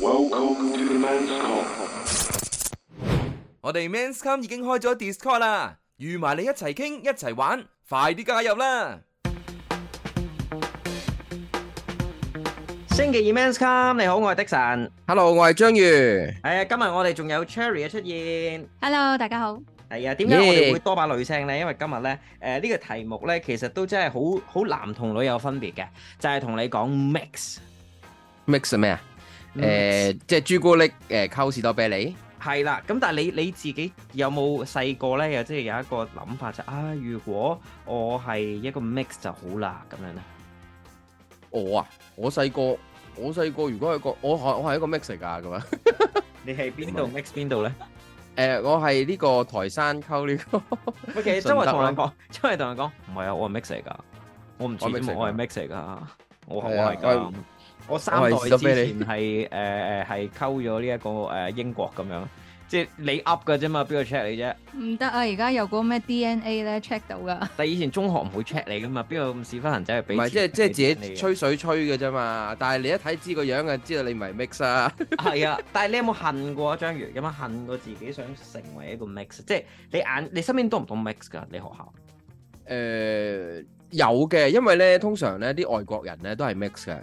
Welcome to the Men's Come。我哋 Men's Come 已經開咗 Discord 啦，預埋你一齊傾一齊玩，快啲加入啦！星期二 Men's Come，你好，我係 Dickson。Hello，我係張宇。係啊，今日我哋仲有 Cherry 嘅出現。Hello，大家好。係啊，點解我哋會多把女聲咧？因為今日咧，誒呢個題目咧，其實都真係好好男同女有分別嘅，就係同你講 mix。mix 係咩啊？誒，即係朱古力誒，溝、呃、士多啤梨係 啦。咁但係你你自己有冇細個咧？又即係有一個諗法就啊，如果我係一個 mix 就好啦，咁樣咧。我啊，我細個，我細個如果係一個，我我係一個樣 是 mix 噶咁啊。你係邊度 mix 邊度咧？誒，我係呢個台山溝呢、這個。喂，周圍同人講，周圍同人講，唔係啊，我 mix 噶，我唔知我係 mix 噶，我係、啊、我係。我三代之前係誒誒係溝咗呢一個誒、呃、英國咁樣，即係你 Up 嘅啫嘛，邊個 check 你啫？唔得啊！而家有個咩 DNA 咧 check 到噶。但係以前中學唔會 check 你噶嘛，邊個咁屎忽人仔？唔係即係即係自己吹水吹嘅啫嘛。但係你一睇知個樣嘅，知道你唔係 mix 啊。係 啊，但係你有冇恨過啊章魚？有冇恨過自己想成為一個 mix？即係你眼你身邊多唔多 mix 噶？你學校誒、呃、有嘅，因為咧通常咧啲外國人咧都係 mix 嘅。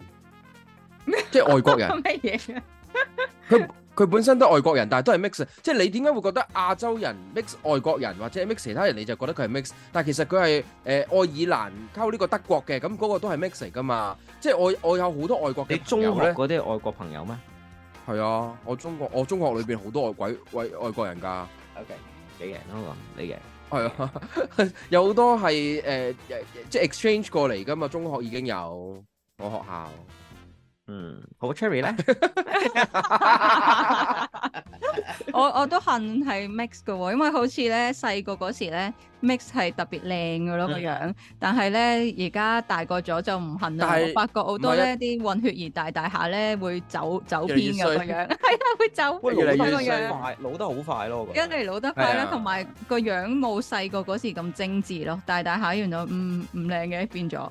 即係外國人，乜嘢？ 佢佢本身都外國人，但係都係 mix。即係你點解會覺得亞洲人 mix 外國人或者 mix 其他人，你就覺得佢係 mix？但係其實佢係誒愛爾蘭溝呢個德國嘅，咁、那、嗰個都係 mix 噶嘛？即係我我有好多外國嘅朋友咧，嗰啲外國朋友咩？係啊，我中國我中學裏邊好多外鬼外外國人噶。O K，你贏啦？我唔理嘅。係啊， 有好多係誒即係 exchange 過嚟噶嘛？中學已經有我學校。嗯，好，Cherry 咧，我我都恨係 mix 噶，因為好似咧細個嗰時咧 mix 係特別靚嘅咯個樣，但係咧而家大個咗就唔恨啦，我發覺好多咧啲混血兒大大下咧會走走偏噶個樣，係啊會走，不過越嚟越快老得好快咯，越嚟老得快啦，同埋個樣冇細個嗰時咁精致咯，大大下原來唔唔靚嘅變咗。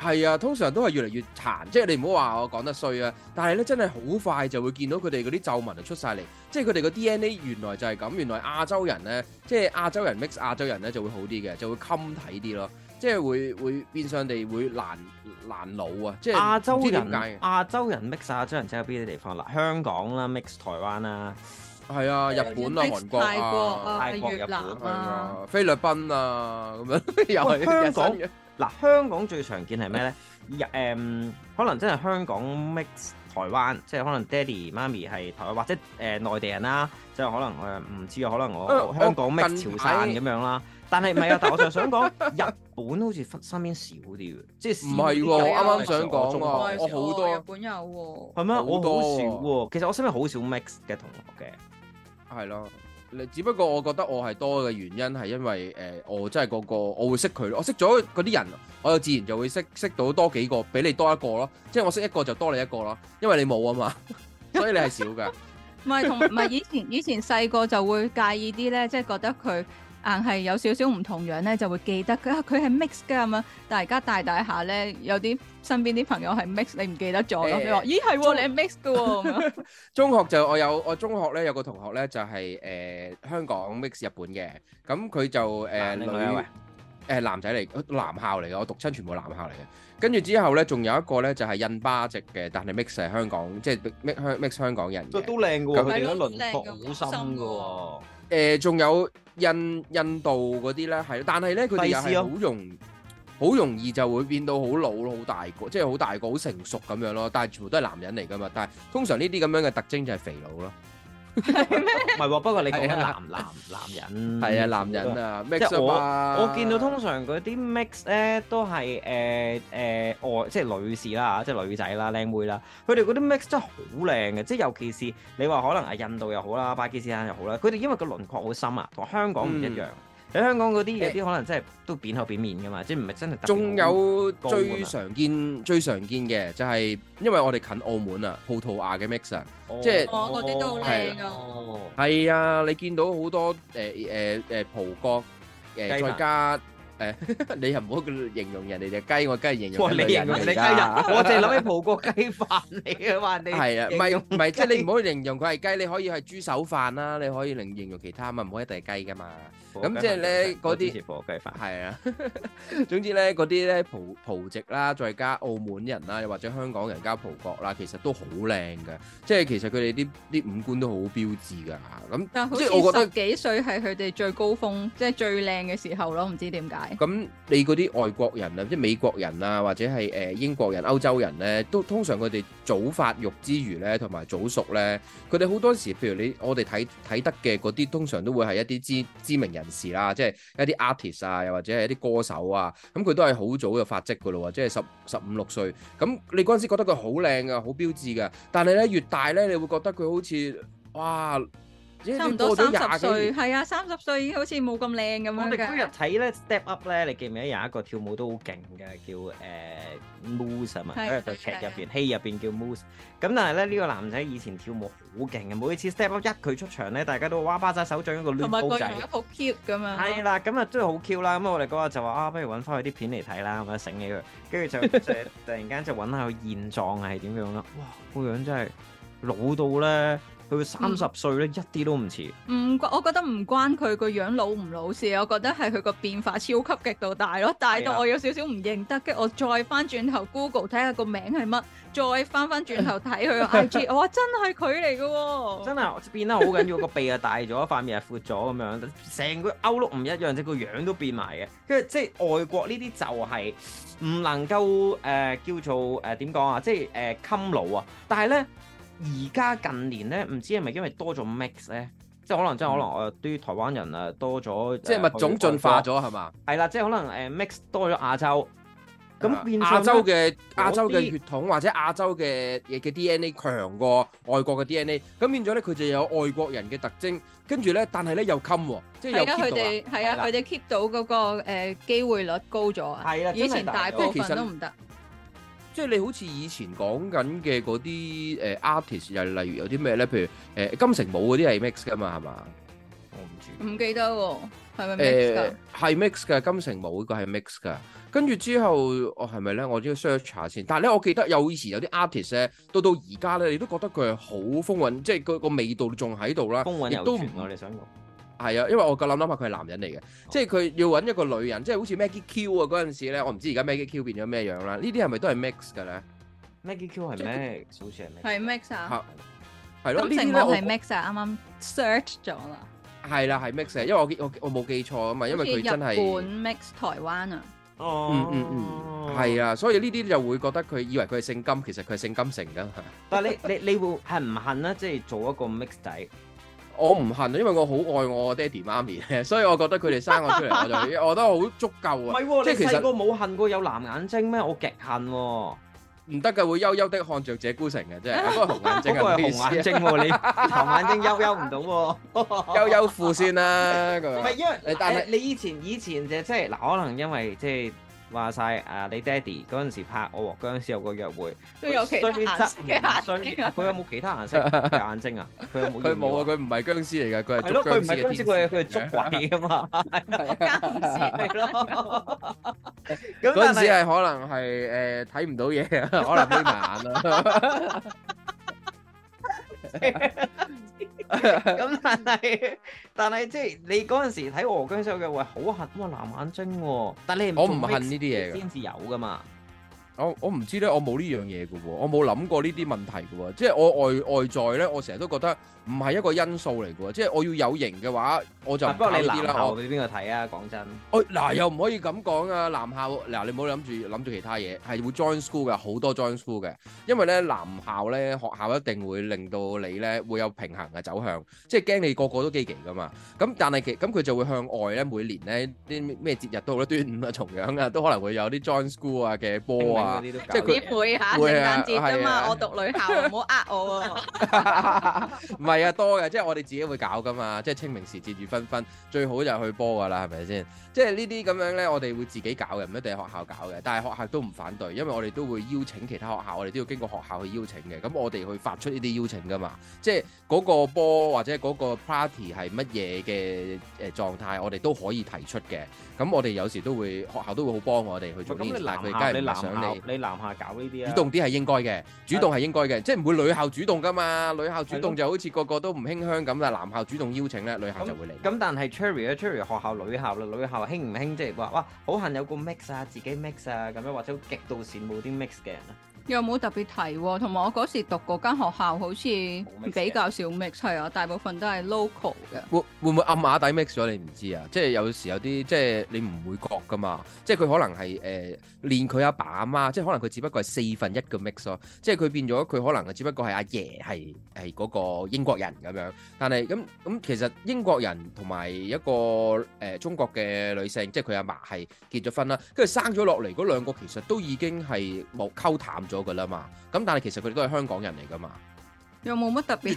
係啊，通常都係越嚟越殘，即係你唔好話我講得衰啊！但係咧，真係好快就會見到佢哋嗰啲皺紋就出晒嚟，即係佢哋個 DNA 原來就係咁。原來亞洲人咧，即係亞洲人 mix 亞洲人咧就會好啲嘅，就會襟睇啲咯，即係會會變相地會難難老啊！即係亞洲人亞洲人 mix 亞洲人，即係邊啲地方啦？香港啦，mix 台灣啦、啊，係啊，日本啊，韓國啊，泰國啊，越南啊，菲律賓啊，咁樣又係香港嗱，香港最常見係咩咧？誒、嗯，可能真係香港 mix 台灣，即係可能爹哋媽咪係台灣或者誒、呃、內地人啦、啊，即係可能我唔、呃、知啊，可能我、啊、香港 mix 潮汕咁樣啦。但係唔係啊？但我就想講 日本好似身邊少啲即係唔係？我啱啱想講啊，我好多日本有喎。係咩？我好少喎、啊。其實我身邊好少 mix 嘅同學嘅，係咯。你只不過我覺得我係多嘅原因係因為誒、呃，我真係、嗰個個我會識佢，我識咗嗰啲人，我就自然就會識識到多幾個，比你多一個咯。即係我識一個就多你一個咯，因為你冇啊嘛，所以你係少㗎。唔係，同唔係以前，以前細個就會介意啲咧，即係覺得佢。硬係有少少唔同樣咧，就會記得佢佢係 mix 㗎咁啊！大家大大下咧，有啲身邊啲朋友係 mix，你唔記得咗咯？你話咦係喎，你係 mix 㗎喎？中學就我有我中學咧有個同學咧就係誒香港 mix 日本嘅，咁佢就誒女誒男仔嚟，男校嚟嘅，我讀親全部男校嚟嘅。跟住之後咧，仲有一個咧就係印巴籍嘅，但係 mix 係香港，即係 mix 香 mix 香港人嘅，都靚嘅喎。佢哋啲輪廓好深嘅喎。誒，仲有。印印度嗰啲咧係，但係咧佢哋又係好容好、啊、容易就會變到好老咯，好大個，即係好大個，好成熟咁樣咯。但係全部都係男人嚟㗎嘛。但係通常呢啲咁樣嘅特徵就係肥佬咯。唔係，不過你講男 男男人係啊，男人啊 m a 我我見到通常嗰啲 mix 咧都係誒誒外即係女士啦，即係女仔啦、靚妹啦，佢哋嗰啲 mix 真係好靚嘅，即係尤其是你話可能係印度又好啦、巴基斯坦又好啦，佢哋因為個輪廓好深啊，同香港唔一樣。嗯喺香港嗰啲嘢，啲、欸、可能真係都扁口扁面噶嘛，即係唔係真係得。仲有最常見、最常見嘅就係，因為我哋近澳門啊，葡萄牙嘅 mixer 即係是，我嗰啲都好靚噶。係、哦哦、啊，你見到好多誒誒誒葡國誒，呃、算再加。誒，你又唔好嘅形容人哋隻雞，我梗係形容女人㗎。我淨係諗起葡國雞飯嚟嘅話，你係啊？唔係用唔係即係你唔好形容佢係雞，你可以係豬手飯啦，你可以另形容其他，咪唔可以一定係雞㗎嘛？咁即係咧嗰啲葡雞飯係啊，總之咧嗰啲咧葡葡籍啦，再加澳門人啦，又或者香港人加葡國啦，其實都好靚嘅。即係其實佢哋啲啲五官都好標誌㗎，咁即係我覺得十幾歲係佢哋最高峰，即係最靚嘅時候咯，唔知點解。咁你嗰啲外國人啊，即係美國人啊，或者係誒英國人、歐洲人咧，都通常佢哋早發育之餘咧，同埋早熟咧，佢哋好多時，譬如你我哋睇睇得嘅嗰啲，通常都會係一啲知知名人士啦，即係一啲 artist 啊，又或者係一啲歌手啊，咁佢都係好早嘅發跡噶咯喎，即係十十五六歲。咁你嗰陣時覺得佢好靚啊，好標緻噶，但係咧越大咧，你會覺得佢好似哇～差唔多三十歲，係啊，三十歲已經好似冇咁靚咁樣。我哋嗰日睇咧，step up 咧，你記唔記得有一個跳舞都好勁嘅，叫誒 Moose 啊嘛，喺個劇入邊、戲入邊叫 Moose。咁但係咧，呢個男仔以前跳舞好勁嘅，每一次 step up 一佢出場咧，大家都哇巴喳手掌個亂毛仔。同埋佢而家好 cute 噶嘛。係啦，咁啊真係好 cute 啦。咁我哋嗰日就話啊，不如揾翻佢啲片嚟睇啦，咁樣醒起佢。跟住就就突然間就揾下佢現狀係點樣啦。哇，個樣真係老到咧～佢三十歲咧，嗯、一啲都唔似。唔、嗯，我覺得唔關佢個樣老唔老事，我覺得係佢個變化超級極度大咯，的大到我有少少唔認得。跟住我再翻轉頭 Google 睇下個名係乜，再翻翻轉頭睇佢 IG，嘩，真係佢嚟嘅。真係變得好緊要， 個鼻又大咗，塊面又闊咗咁樣，成個 outlook 唔一樣啫，個樣都變埋嘅。因為即係外國呢啲就係唔能夠誒、呃、叫做誒點講啊，即係誒襟老啊。但係咧。而家近年咧，唔知係咪因為多咗 mix 咧，即係可能，即係可能誒，對於台灣人啊多咗，即係物種進化咗係嘛？係啦，即係可能誒 mix 多咗亞洲，咁變亞洲嘅亞洲嘅血統或者亞洲嘅嘅 DNA 強過外國嘅 DNA，咁變咗咧佢就有外國人嘅特徵，跟住咧，但係咧又襟喎，即係又 keep 到啊！係啊，佢哋 keep 到嗰個誒機會率高咗啊！係啊，以前大部分都唔得。即係你好似以前講緊嘅嗰啲誒、呃、artist，又例如有啲咩咧？譬如誒金城武嗰啲係 mix 噶嘛，係嘛？我唔知，唔記得喎，係咪 mix 嘅？係 mix 嘅，金城武嗰、呃、個係 mix 嘅。跟住之後，哦係咪咧？我都要 search 下先。但係咧，我記得有以前有啲 artist 咧，到到而家咧，你都覺得佢係好風韻，即係佢個味道仲喺度啦，亦都唔我哋想講。係啊，因為我個諗諗下佢係男人嚟嘅，即係佢要揾一個女人，即係好似 Maggie Q 啊嗰陣時咧，我唔知而家 Maggie Q 變咗咩樣啦。呢啲係咪都係 Mix 嘅咧？Maggie Q 係 Mix，好似係 Mix。係 Mix 啊！係咯，金城武係 Mix 啊！啱啱 search 咗啦。係啦，係 Mix 啊！因為我我我冇記錯啊嘛，因為佢真係 Mix 台灣啊。嗯嗯嗯，係啊，所以呢啲就會覺得佢以為佢係姓金，其實佢係姓金城噶。但係你你你會恨唔恨咧？即係做一個 Mix 仔。我唔恨，因為我好愛我爹哋媽咪，所以我覺得佢哋生我出嚟我就，我覺得好足夠啊！唔係喎，即係細個冇恨過有藍眼睛咩？我極恨唔得嘅會幽幽的看着這孤城嘅，即係嗰個紅眼睛啊！嗰個係 紅眼睛，你紅眼睛幽幽唔到喎，幽幽富先啦！唔係 因為你但係是 你以前以前就即係嗱，可能因為即係。話曬誒，你爹哋嗰陣時拍《我和殭屍有個約會》，都有其他顏色嘅眼睛，佢有冇其他顏色嘅眼睛啊？佢有冇？佢冇啊，佢唔係殭屍嚟㗎，佢係捉殭屍嘅天。係咯，佢唔係殭屍，佢係佢係捉鬼啊嘛。係咯，殭屍係咯。嗰陣時係可能係誒睇唔到嘢，可能眯埋眼咯。咁 但係，但係即係你嗰陣時睇《俄姜秀》嘅會好恨哇藍眼睛啊，但係你唔，我唔恨呢啲嘢，先至有噶嘛。我我唔知咧，我冇呢樣嘢嘅喎，我冇諗過呢啲問題嘅喎，即係我外外在咧，我成日都覺得唔係一個因素嚟嘅喎，即係我要有型嘅話，我就不過你男校我俾邊個睇啊？講真，哎嗱，又唔可以咁講啊！男校嗱，你唔好諗住諗住其他嘢，係會 join school 嘅，好多 join school 嘅，因為咧男校咧學校一定會令到你咧會有平衡嘅走向，即係驚你個個都基期嘅嘛。咁但係其咁佢就會向外咧，每年咧啲咩節日都好多，端午啊、重陽啊，都可能會有啲 join school 啊嘅波啊。嗰啲都即係佢會嚇聖誕節嘛，啊啊、我讀女校，唔好呃我喎、啊。唔係 啊，多嘅，即係我哋自己會搞噶嘛，即係清明時節雨紛紛，最好就去波㗎啦，係咪先？即係呢啲咁樣咧，我哋會自己搞嘅，唔一定係學校搞嘅。但係學校都唔反對，因為我哋都會邀請其他學校，我哋都要經過學校去邀請嘅。咁我哋去發出呢啲邀請㗎嘛，即係嗰個波或者嗰個 party 係乜嘢嘅誒狀態，我哋都可以提出嘅。咁我哋有時都會學校都會好幫我哋去做呢，啲。係佢梗係唔想你。你你男校搞呢啲啊主，主動啲係應該嘅，主動係應該嘅，即係唔會女校主動噶嘛，女校主動就好似個個都唔興香咁啦，男校主動邀請咧，女校就會嚟。咁但係 Cherry 啊 Cherry 學校女校啦，女校興唔興即係話哇，好幸有個 mix 啊，自己 mix 啊咁樣，或者極度羨慕啲 mix 嘅人、啊。又有冇特別提、哦？同埋我嗰時讀讀嗰間學校，好似比較少 mix，係啊，大部分都係 local 嘅。會會唔會暗啞底 mix 咗？你唔知啊！即係有時有啲，即係你唔會覺噶嘛。即係佢可能係誒練佢阿爸阿媽，即係可能佢只不過係四分一嘅 mix 咯。即係佢變咗，佢可能只不過係阿爺係係個英國人咁樣，但係咁咁，其實英國人同埋一個誒、呃、中國嘅女性，即係佢阿嫲係結咗婚啦，跟住生咗落嚟嗰兩個其實都已經係冇溝淡咗。咗噶啦嘛，咁但係其實佢哋都係香港人嚟噶嘛，又冇乜特別。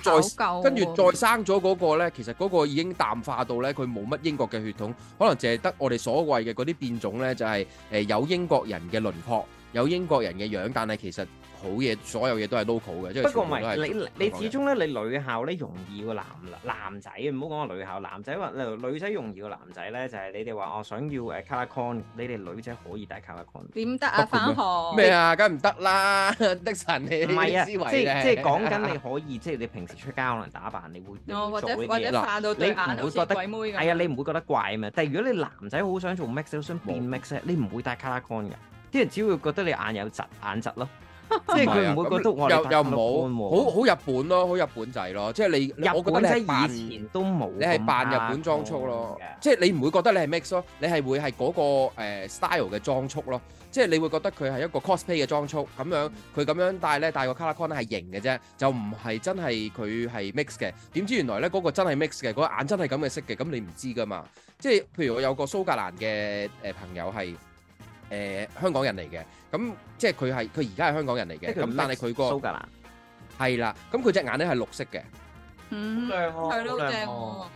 再跟住再生咗嗰個呢，其實嗰個已經淡化到呢，佢冇乜英國嘅血統，可能淨係得我哋所謂嘅嗰啲變種呢，就係誒有英國人嘅輪廓，有英國人嘅樣，但係其實。好嘢，所有嘢都係 local 嘅。不過唔係你你始終咧，你女校咧容易過男男仔，唔好講個女校男仔話，女仔容易過男仔咧，就係你哋話我想要誒 color con，你哋女仔可以戴 color con。點得啊？返學咩啊？梗唔得啦！的神你唔係啊，即即講緊你可以，即你平時出街可能打扮，你會做啲嘢咯。你唔會覺得鬼妹？係啊，你唔會覺得怪啊嘛。但係如果你男仔好想做 mix，想變 mix，你唔會戴 color con 嘅。啲人只會覺得你眼有疾，眼疾咯。 即係佢唔會覺得，我得、啊、又又冇好好日本咯，好日本仔咯，即係你日本仔以前都冇，你係扮日本裝束咯，嗯、即係你唔會覺得你係 mix 咯，你係會係嗰、嗰個、呃、style 嘅裝束咯，即係你會覺得佢係一個 cosplay 嘅裝束咁樣，佢咁、嗯、樣戴咧戴個 color cone 係型嘅啫，就唔係真係佢係 mix 嘅。點知原來咧嗰、嗰個真係 mix 嘅，嗰、嗰個、眼真係咁嘅色嘅，咁你唔知㗎嘛？即係譬如我有個蘇格蘭嘅誒、呃、朋友係。誒、呃、香港人嚟嘅，咁、嗯、即係佢係佢而家係香港人嚟嘅，咁但係佢個蘇格蘭係啦，咁佢隻眼咧係綠色嘅，嗯，好靚哦，係咯，好靚喎的，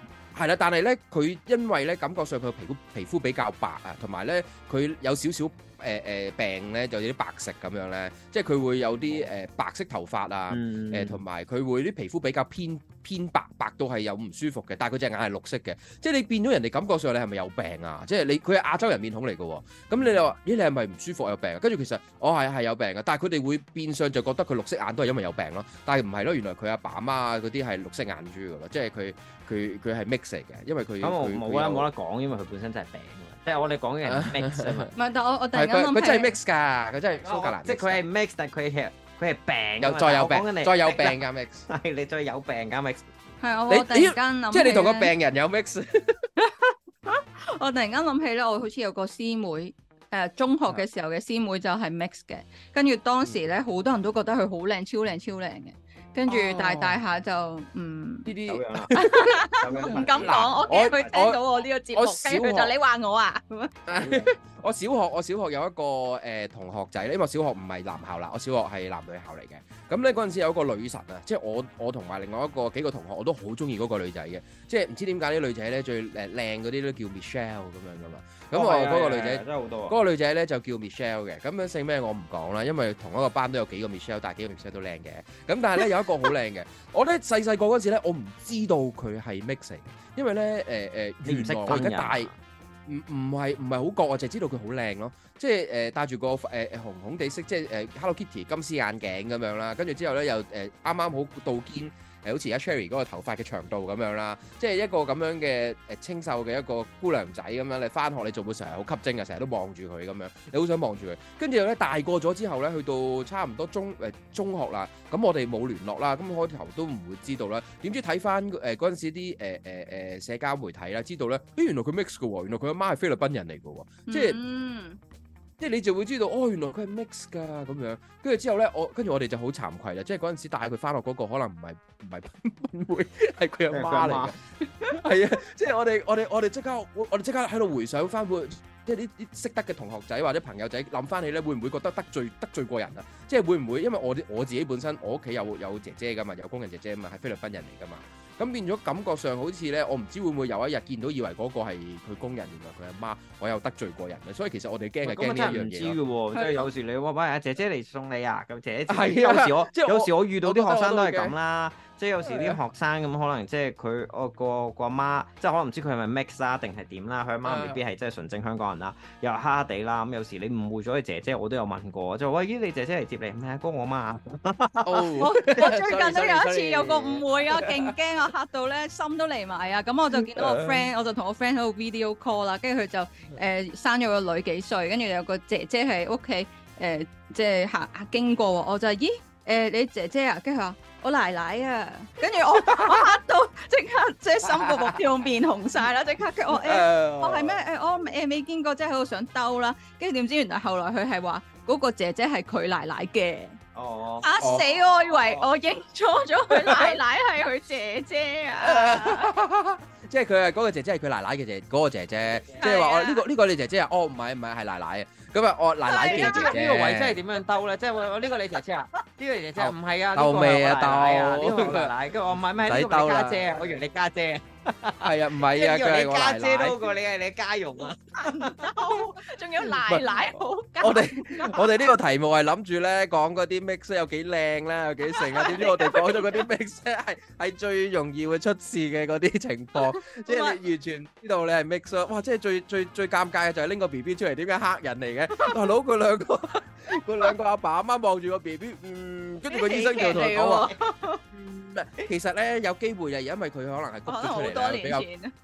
係啦、啊，但係咧佢因為咧感覺上佢皮膚皮膚比較白啊，同埋咧佢有少少。誒誒、呃呃、病咧就有啲白色咁樣咧，即係佢會有啲誒、呃、白色頭髮啊，誒同埋佢會啲皮膚比較偏偏白白到係有唔舒服嘅，但係佢隻眼係綠色嘅，即係你變咗人哋感覺上你係咪有病啊？即係你佢係亞洲人面孔嚟嘅喎，咁你就話咦、欸、你係咪唔舒服有病、啊？跟住其實我係係有病嘅，但係佢哋會變相就覺得佢綠色眼都係因為有病咯，但係唔係咯？原來佢阿爸阿媽嗰啲係綠色眼珠嘅咯，即係佢佢佢係 mix 嘅，因為佢冇得冇得講，因為佢本身就係病。但係我哋講嘅人 mix 唔係，但係我我突然間諗佢佢真係 mix 㗎，佢真係蘇格蘭，即係佢係 mix，但係佢係佢係病，又再有病，再有病㗎 mix，係你再有病㗎 mix，係我突然間諗，即係你同個病人有 mix，我突然間諗起咧，我好似有個師妹，誒中學嘅時候嘅師妹就係 mix 嘅，跟住當時咧好多人都覺得佢好靚，超靚，超靚嘅。跟住大大下就嗯呢啲，我唔敢講，我驚佢聽到我呢個節目。佢就你話我啊，咁樣。我小學我小學有一個誒同學仔咧，因為小學唔係男校啦，我小學係男女校嚟嘅。咁咧嗰陣時有一個女神啊，即係我我同埋另外一個幾個同學我都好中意嗰個女仔嘅，即係唔知點解啲女仔咧最誒靚嗰啲都叫 Michelle 咁樣噶嘛。咁我嗰個女仔，真係好多。嗰個女仔咧就叫 Michelle 嘅，咁樣姓咩我唔講啦，因為同一個班都有幾個 Michelle，但係幾個 Michelle 都靚嘅。咁但係咧有。個好靚嘅，我咧細細個嗰時咧，我唔知道佢係 mixing，因為咧誒誒，原來嘅，但係唔唔係唔係好覺，我就知道佢好靚咯，即係誒、呃、戴住個誒、呃、紅紅哋色，即係誒、呃、Hello Kitty 金絲眼鏡咁樣啦，跟住之後咧又誒啱啱好倒肩。 誒好似阿 Cherry 嗰個頭髮嘅長度咁樣啦，即係一個咁樣嘅誒、呃、清秀嘅一個姑娘仔咁樣，你翻學你做會成日好吸睛啊，成日都望住佢咁樣，你好想望住佢，跟住咧大個咗之後咧，去到差唔多中誒、呃、中學啦，咁我哋冇聯絡啦，咁開頭都唔會知道啦，點知睇翻誒嗰陣時啲誒誒誒社交媒體啦，知道咧，誒原來佢 mix 嘅喎，原來佢阿媽係菲律賓人嚟嘅喎，即係。嗯。即係你就會知道哦，原來佢係 mix 㗎咁樣，跟住之後咧，我跟住我哋就好慚愧啦。即係嗰陣時帶佢翻學嗰個，可能唔係唔係會係佢阿媽嚟嘅，係啊！ 即係我哋我哋我哋即刻我哋即刻喺度回想翻會，即係啲啲識得嘅同學仔或者朋友仔諗翻起咧，會唔會覺得得罪得罪過人啊？即係會唔會因為我啲我自己本身我屋企有有姐姐㗎嘛，有工人姐姐啊嘛，係菲律賓人嚟㗎嘛。咁變咗感覺上好似咧，我唔知會唔會有一日見到以為嗰個係佢工人，原來佢阿媽，我有得罪過人嘅，所以其實我哋驚係驚呢一樣嘢。嘅的即係有時你話喂阿姐姐嚟送你啊，咁姐姐係的有時我，我有時我遇到啲學生都係咁啦。即係有時啲學生咁，可能即係佢我個個阿媽，即係可能唔知佢係咪 mix 啊定係點啦，佢阿媽未必係即係純正香港人啦，又蝦蝦地啦。咁、嗯、有時你誤會咗你姐姐，我都有問過，就喂咦，你姐姐嚟接你咩啊？哥，我媽。 oh, 我我最近都 sorry ,有一次有個誤會啊，勁驚啊，嚇到咧心都嚟埋啊！咁我就見到我 friend， 我就同我 friend 喺度 video call 啦，跟住佢就誒生咗個女幾歲，跟住有個姐姐喺屋企誒，即係行經過，我就咦？誒、欸、你姐姐啊，跟住佢話我奶奶啊，跟住我我嚇到即刻即係心個搏跳面紅晒啦，即刻叫、欸、我誒、欸、我係咩誒我誒未見過即係喺度想兜啦，跟住點知原來後來佢係話嗰個姐姐係佢奶奶嘅。嚇、oh, oh, oh, oh, 啊、死我以為我認錯咗，佢、oh, oh, oh, oh, 奶奶係佢姐姐啊， 即係佢話嗰個姐姐係佢奶奶嘅啫，嗰、嗰個姐姐的即係話我呢、這個呢、這個你姐姐啊，哦唔係唔係係奶奶啊。咁啊我奶奶嘅、啊這個、姐姐，呢個位真係點樣兜咧？即係我我呢個你姐姐、哦、啊，呢鬥 個姐姐唔係啊，兜咩啊兜？奶奶，我唔係咩？我你家姐，姐，我以為你家姐，姐。係 啊，唔係啊，佢係我你你家奶 啊。仲 有奶奶好、啊 我，我哋我哋呢個題目係諗住咧講嗰啲 m i x 有幾靚啦，有幾成啊？點知我哋講咗嗰啲 mix 係係最容易會出事嘅嗰啲情況，即係 好你完全知道你係 mix 哇！即係最最最尷尬嘅就係拎個 B B 出嚟，點解黑人嚟嘅？大佬 兩個。佢 兩個佢兩個阿爸阿媽望住個 B B，跟住個醫生就同佢講。奇奇 嗱，其實咧有機會係因為佢可能係谷得佢啊，比較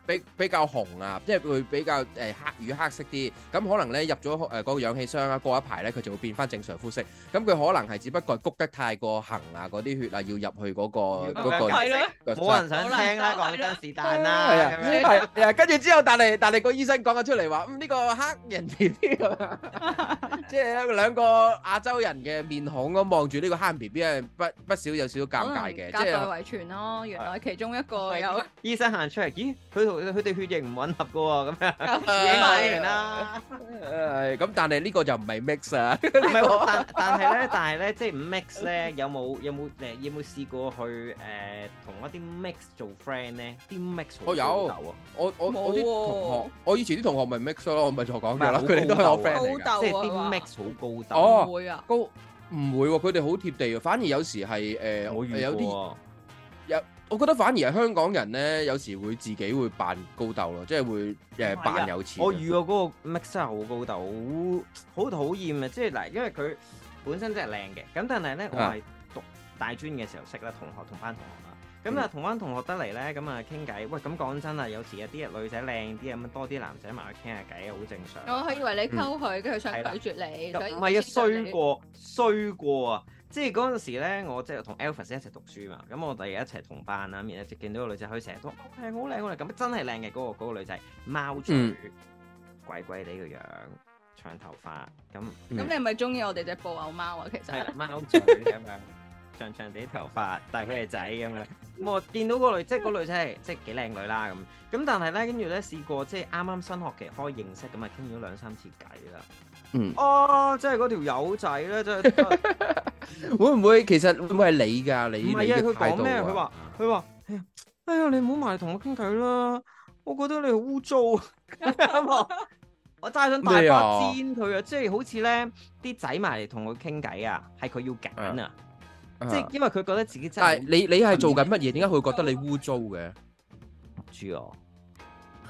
比比較紅啊，即係會比較誒黑與黑色啲。咁可能咧入咗誒嗰個氧氣箱啊，過一排咧佢就會變翻正常膚色。咁佢可能係只不過谷得太過恒啊，嗰啲血啊要入去嗰個嗰個冇人想聽啦，講真是但啊，係啊，跟住之後但係但係個醫生講咗出嚟話，嗯呢個黑人 B B，即係兩個亞洲人嘅面孔咁望住呢個黑人 B B，係不不少有少少尷尬嘅。家族遺傳咯，原來其中一個有醫生行出嚟，咦？佢同佢哋血型唔吻合嘅喎，咁樣。咁自己買完啦。誒，咁但係呢個就唔係 mix 啊。唔係，但但係咧，但係咧，即係 mix 咧，有冇有冇誒有冇試過去誒同一啲 mix 做 friend 咧？啲 mix 好高竇啊！我我我啲同學，我以前啲同學咪 mix 咯，我咪就係講嘅啦。佢哋都係我 friend 嚟嘅，即係啲 mix 好高竇。哦，高。唔會喎，佢哋好貼地嘅，反而有時係誒、呃啊、有啲有，我覺得反而係香港人咧，有時會自己會扮高竇咯，即係會誒扮有錢、哎呀。我遇過嗰個 mixer 好高竇，好好討厭啊！即係嗱，因為佢本身真係靚嘅，咁但係咧我係讀大專嘅時候識啦，同學同班同學。咁啊，同班同學得嚟咧，咁啊傾偈。喂，咁講真啊，有時有啲女仔靚啲咁，多啲男仔埋去傾下偈，好正常。我係以為你溝佢，跟住佢想拒絕你。唔係啊，衰過衰過啊！即係嗰陣時咧，我即係同 Elvis 一齊讀書嘛。咁我第日一齊同班啦，然後就見到個女仔，佢成日講，好靚，好靚，好靚。咁真係靚嘅，嗰個嗰個女仔，貓嘴，鬼鬼哋個樣，長頭髮。咁咁你係咪中意我哋隻布偶貓啊？其實貓嘴啊嘛。長長哋頭髮，但佢係仔咁樣，咁 我見到個女，即係個女仔係、即係、即係幾靚女啦咁。咁但係咧，跟住咧試過即係啱啱新學期開認識咁啊，傾咗兩三次偈啦。嗯，哦，即係嗰條友仔咧，即係 會唔會？其實會唔會係你噶？你唔係啊？佢講咩啊？佢話佢話哎呀，你唔好埋嚟同我傾偈啦，我覺得你好污糟。 我我齋想賣包佢啊，即係好似咧啲仔埋嚟同我傾偈啊，係佢要揀啊。嗯即係因為佢覺得自己真係，但係你你係做緊乜嘢？點解佢覺得你污糟嘅？黐我，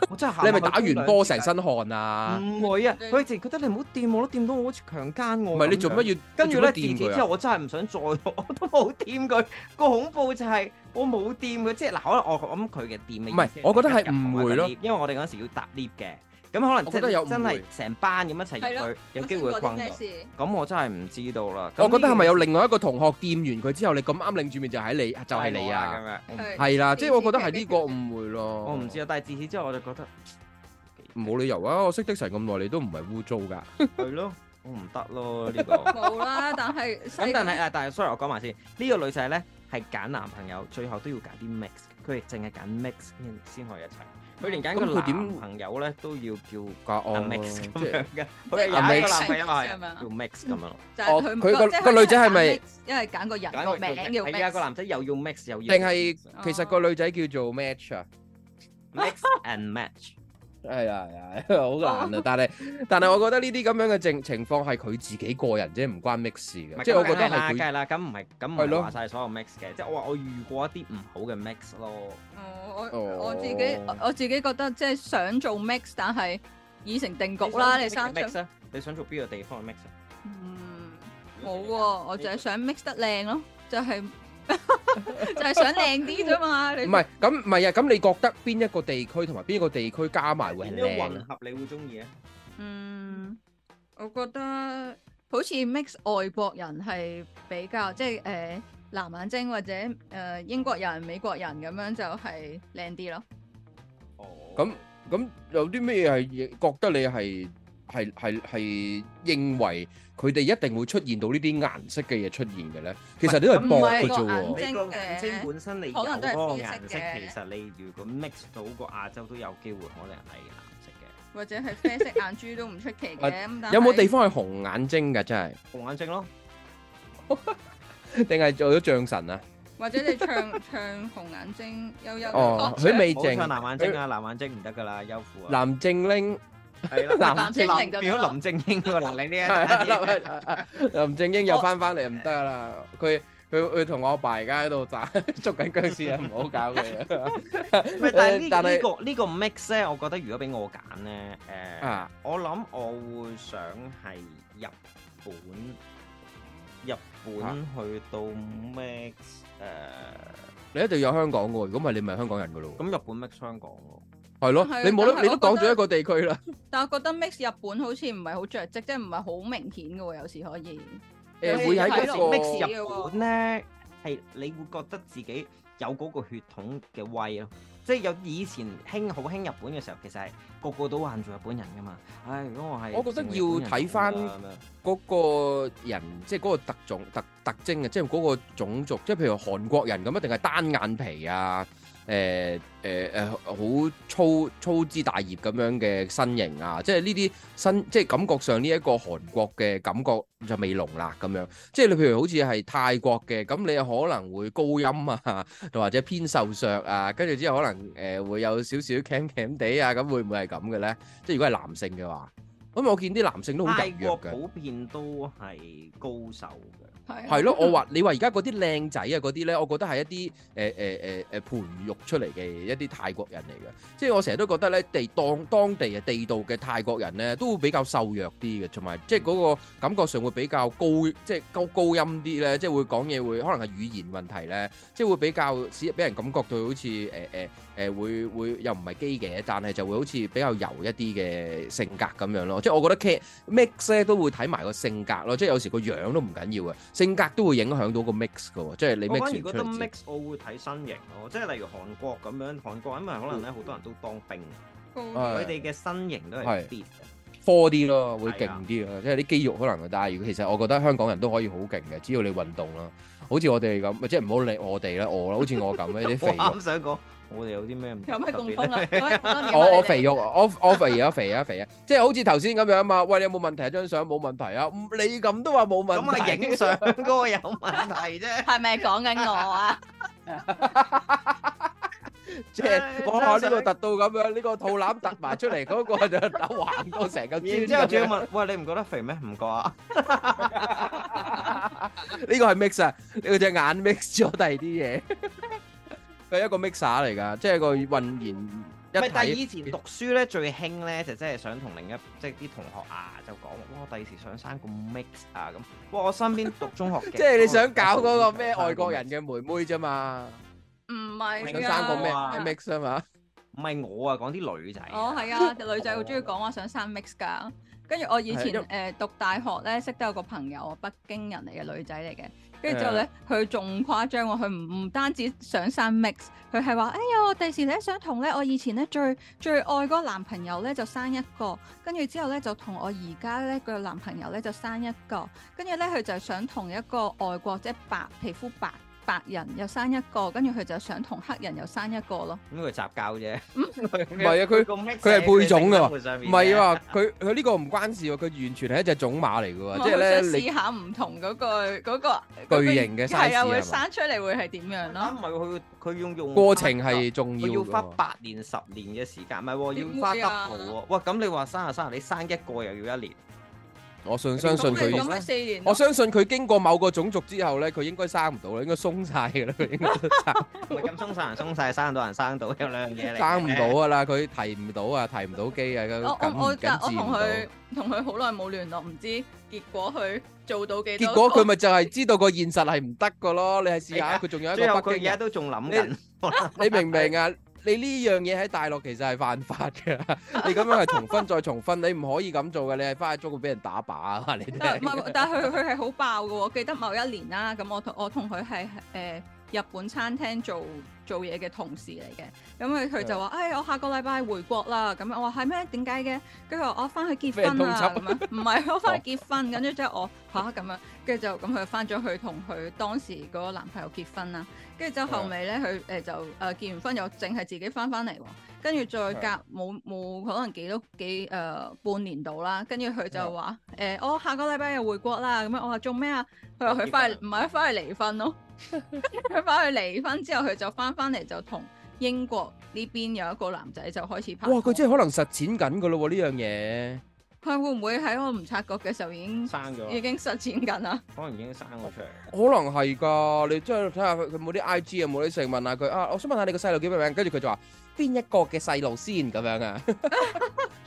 我真係你係咪打完波成身汗啊？唔會啊！佢淨覺得你唔好掂，我都掂到我好似強姦我。唔係你做乜要？跟住咧，件事之後我真係唔想再，我都冇掂佢。個恐怖就係我冇掂佢，即係嗱，可能我我諗佢嘅掂嘅。唔係，我覺得係誤會咯，因為我哋嗰時要搭 lift 嘅。咁可能真係成班咁一齊入去，有機會逛。咁我真係唔知道啦。我覺得係咪有另外一個同學掂完佢之後，你咁啱令住面就係你，就係你啊？係啦，即係我覺得係呢個誤會咯。我唔知啊，但係自此之後我就覺得冇理由啊！我識得成咁耐，你都唔係污糟噶，係咯？我唔得咯呢個。冇啦，但係咁但係啊，但係 sorry，我講埋先。呢個女仔咧係揀男朋友，最後都要揀啲 mix，佢係淨係揀 mix 先可以一齊。佢連揀個男朋友咧都要叫個阿 Mix 咁樣嘅，即係阿 Mix，叫 Mix 咁樣。就係佢佢個個女仔係咪？因為揀個人個名叫 Mix。係啊，個男仔又要 Mix 又要。定係其實個女仔叫做 Match 啊，Mix and Match。係啊係啊，好難啊！但係但係，我覺得呢啲咁樣嘅情情況係佢自己個人啫，唔關 mix 事嘅。即係不我覺得係梗係啦，咁唔係咁係咯。話晒所有 mix 嘅，即、就、係、是、我話我遇過一啲唔好嘅 mix 咯。我我,、oh. 我自己我自己覺得即係、就是、想做 mix，但係已成定局啦。你想 mix 你想做邊個地方嘅 mix、啊、嗯，冇喎、啊，我就係想 mix 得靚咯，就係、是。就係想靚啲啫嘛，你唔係咁唔係啊？咁你覺得邊一個地區同埋邊一個地區加埋會靚？咩混合你會中意啊？嗯，我覺得好似 mix 外國人係比較即係誒藍眼睛，或者誒英國人、美國人咁樣就係靚啲咯。哦，咁咁有啲咩係覺得你係？係係係認為佢哋一定會出現到呢啲顏色嘅嘢出現嘅咧。其實呢個係博嘅啫喎。眼睛眼睛本身你可能都係紫色嘅。其實你如果 mix 到個亞洲都有機會，可能係藍色嘅。或者係啡色眼珠都唔出奇嘅。有冇地方係紅眼睛㗎？真係紅眼睛咯，定係做咗象神啊？或者你唱唱紅眼睛，悠悠哦，佢未淨。冇唱藍眼睛啊，藍眼睛唔得㗎啦，優酷啊。藍精靈。係啦，林正英變咗林正英喎。嗱你呢一啲，林正英又翻翻嚟唔得啦。佢佢佢同我阿爸而家喺度打捉緊僵屍啊，唔好搞佢啊。喂，但係呢個呢個 mix 咧，我覺得如果俾我揀咧，誒，我諗我會想係日本，日本去到 mix 誒，你一定要有香港噶，如果唔係你咪香港人噶咯。咁日本 mix 香港。係咯，你冇得你都講咗一個地區啦。但我覺得 mix 日本好似唔係好着跡，即係唔係好明顯嘅喎。有時可以誒、呃，會喺 mix 日本咧，係你會覺得自己有嗰個血統嘅威咯。即係有以前興好興日本嘅時候，其實係個個都扮做日本人噶嘛。唉，如果我係，我覺得要睇翻嗰個人，即係嗰個特種、特特徵啊，即係嗰個種族，即係譬如韓國人咁，一定係單眼皮啊。誒誒誒，好、呃呃、粗粗枝大葉咁樣嘅身形啊，即係呢啲身，即係感覺上呢一個韓國嘅感覺就未濃啦咁樣。即係你譬如好似係泰國嘅，咁你可能會高音啊，又或者偏瘦削啊，跟住之後可能誒、呃、會有少少 cam cam 地啊，咁會唔會係咁嘅咧？即係如果係男性嘅話。咁我見啲男性都好柔弱，普遍都係高手嘅。是的， 係咯。我話你話而家嗰啲靚仔啊，嗰啲咧，我覺得係一啲誒誒誒誒培育出嚟嘅一啲泰國人嚟嘅。即係我成日都覺得咧，地當當地啊地道嘅泰國人咧，都會比較瘦弱啲嘅，同埋即係嗰個感覺上會比較高，即係高高音啲咧，即係會講嘢會可能係語言問題咧，即係會比較使俾人感覺到好似誒誒誒會會又唔係基嘅，但係就會好似比較柔一啲嘅性格咁樣咯。即係我覺得其實 mix 咧都會睇埋個性格咯，即係有時個樣都唔緊要嘅，性格都會影響到個 mix 㗎喎。即係你 mix 出嚟。如果覺得 mix，我會睇身形咯，即係例如韓國咁樣，韓國因為可能咧好多人都當兵，佢哋嘅身形都係 fit 嘅，four 啲咯，會勁啲咯，即係啲肌肉可能。但係如果其實我覺得香港人都可以好勁嘅，只要你運動啦，好似我哋咁，即係唔好理我哋啦，我啦，好似我咁咧啲肥，唔想講。我哋有啲咩？有咩共通啊？我我肥肉，我我肥啊肥啊肥啊！即係好似頭先咁樣啊嘛。喂，你有冇問題？張相冇問題啊？你咁都話冇問題？咁啊，影相嗰個有問題啫。係咪講緊我啊？即係講我呢個凸到咁樣，呢個肚腩凸埋出嚟嗰個就打橫到成個。然之後，仲要問喂，你唔覺得肥咩？唔覺啊？呢個係 mix 啊？呢個隻眼 mix 咗第二啲嘢。係一個 mixer 嚟噶。即係個混音唔，但係以前讀書咧最興咧就即、是、係，想同另一即係啲同學啊，就講：哇，第二時想生個 mix 啊！咁，哇，我身邊讀中學嘅。 即係你想搞嗰個咩外國人嘅妹妹啫嘛？唔係是啊，想生個咩 mix 啊嘛？唔係、啊啊、我啊，講啲女仔啊。哦，係啊，女仔好中意講話想生 mix 噶。跟住我以前誒對、呃、讀大學咧，識得有個朋友，北京人嚟嘅女仔嚟嘅。跟住之後咧，佢仲 Yeah. 誇張喎，佢唔唔單止想生 mix，佢係話：哎唷，我第時咧想同咧我以前咧最最愛嗰個男朋友咧就生一個，跟住之後咧就同我而家咧個男朋友咧就生一個，跟住咧佢就想同一個外國即係白皮膚白。白人又生一個，跟住佢就想同黑人又生一個咯。咁佢雜交啫，唔係啊佢佢係配種噶，唔係啊佢佢呢個唔關事喎，佢完全係一隻種馬嚟噶喎，即係咧你。我想試下唔同嗰個嗰個巨型嘅生。係啊，會生出嚟會係點樣咯？唔係佢佢用用過程係重要，要花八年十年嘅時間，唔係要花得耐喎。哇！咁你話生啊生啊，你生一個又要一年。我信相信佢，我相信佢經過某個種族之後咧，佢應該生唔到啦，應該鬆晒噶啦，佢應該。唔係咁鬆晒，人鬆晒生到，人生到有兩樣嘢嚟。生唔到噶啦，佢提唔到啊，提唔到機啊，咁我我同佢同佢好耐冇聯絡，唔知結果佢做到幾多？結果佢咪就係知道個現實係唔得噶咯？你係試下佢仲有一個北京，而家都仲諗緊。你， 你明唔明啊？你呢樣嘢喺大陸其實係犯法嘅，你咁樣係重婚再重婚，你唔可以咁做嘅，你係翻去中國俾人打靶啊！你唔係，但係佢係好爆嘅。我記得某一年啦，咁我同我同佢係誒日本餐廳做做嘢嘅同事嚟嘅，咁佢佢就話：，的哎，我下個禮拜回國啦。咁我話係咩？點解嘅？跟住我翻去結婚啦，唔係我翻去結婚，跟住之後我嚇咁、啊、樣，跟住就咁佢翻咗去同佢當時嗰個男朋友結婚啦。跟住就後尾咧，佢誒、啊、就誒結、呃、完婚又淨係自己翻翻嚟喎，跟住再隔冇冇、啊、可能幾多幾誒、呃、半年度啦，跟住佢就話誒我下個禮拜又回國啦，咁樣我話做咩啊？佢話佢翻去唔係翻去離婚咯，佢 翻 去離婚之後佢就翻翻嚟就同英國呢邊有一個男仔就開始拍。哇！佢真係可能實踐緊噶咯呢樣嘢。佢會唔會喺我唔察覺嘅時候已經生咗了，已經實踐緊啦？可能已經生咗出嚟， 可能係噶，你即係睇下佢，佢冇啲 IG 啊，冇啲成問下佢啊，我想問下你個細路叫咩名，跟住佢就話邊一個嘅細路先咁樣啊？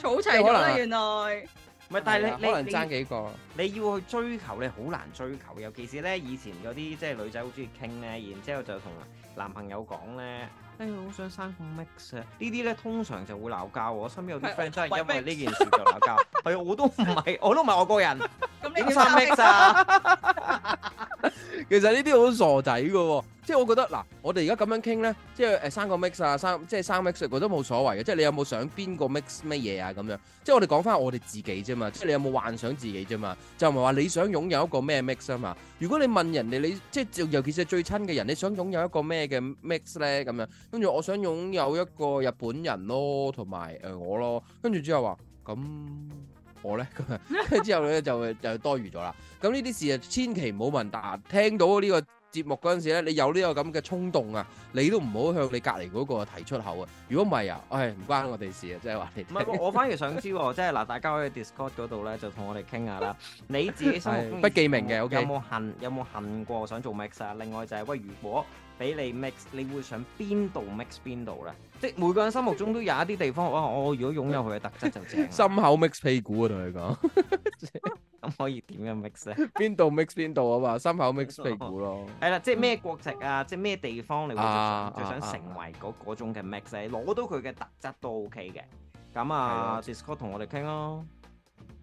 儲齊咗啦， 原來。 唔係，但係你可能爭幾個你，你要去追求，你好難追求。尤其是咧，以前嗰啲即係女仔好中意傾咧，然之後就同男朋友講咧，哎好想生個 Mix 啊！呢啲咧通常就會鬧交。我身邊有啲 friend 真係因為呢件事就鬧交。係啊， 我都唔係，我都唔係外國人，點 生 Mix 啊？ 其實呢啲好傻仔噶，即係我覺得嗱、啊，我哋而家咁樣傾咧，即係誒生個 mix 啊，生即係生 mix，我都冇所謂嘅。即係你有冇想邊個 mix 咩嘢啊？咁樣，即係我哋講翻我哋自己啫嘛。即係你有冇幻想自己啫嘛？就唔係話你想擁有一個咩 mix 啊嘛？如果你問人哋你即係尤其是最親嘅人，你想擁有一個咩嘅 mix 咧？咁樣，跟住我想擁有一個日本人咯，同埋誒我咯，跟住之後話咁。我咧咁啊，之後咧就就多餘咗啦。咁呢啲事啊，千祈唔好問答。聽到呢個節目嗰陣時咧，你有呢個咁嘅衝動啊，你都唔好向你隔離嗰個提出口啊。如果唔係啊，唉，唔關我哋事啊，即係話你。唔係喎，我反而想知喎，即係嗱，大家可以去 Discord 嗰度咧，就同我哋傾下啦。你自己想不記名嘅，有冇恨有冇恨過想做 mix 啊？另外就係喂，如果俾你 mix，你會想邊度 mix 邊度咧？即係每個人心目中都有一啲地方，哇！我如果擁有佢嘅特質就正。心口 mix 屁股啊，同你講。咁可以點樣 mix 咧？邊度 mix 邊度啊嘛？心口 mix 屁股咯。係啦，即係咩國籍啊？即係咩地方你會最想成為嗰種嘅 mix 咧？攞到佢嘅特質都 OK 嘅。咁啊 Discord 同我哋傾咯。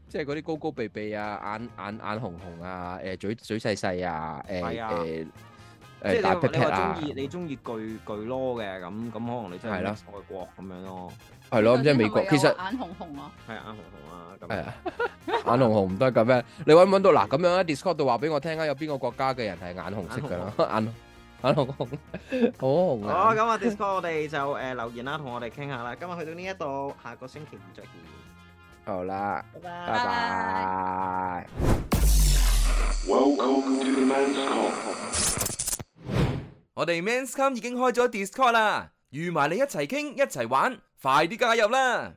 即係嗰啲高高鼻鼻啊，眼眼眼紅紅啊，誒嘴嘴細細啊，誒誒。即係嗱，你話中意你中意巨巨囉嘅咁咁，可能你真係啦外國咁樣咯。係咯，即係美國。其實眼紅紅咯。係啊，眼紅紅啊。係啊，眼紅紅唔得咁樣。你搵唔搵到嗱？咁樣喺 Discord 度話俾我聽下，有邊個國家嘅人係眼紅色㗎咯？眼眼紅紅，好紅啊！好，咁啊 Discord 我哋就誒留言啦，同我哋傾下啦。今日去到呢一度，下個星期五再見。好啦，拜拜。Welcome to the men's come。我哋 Men's Come 已經開咗 Discord 啦，預埋你一齊傾一齊玩，快啲加入啦！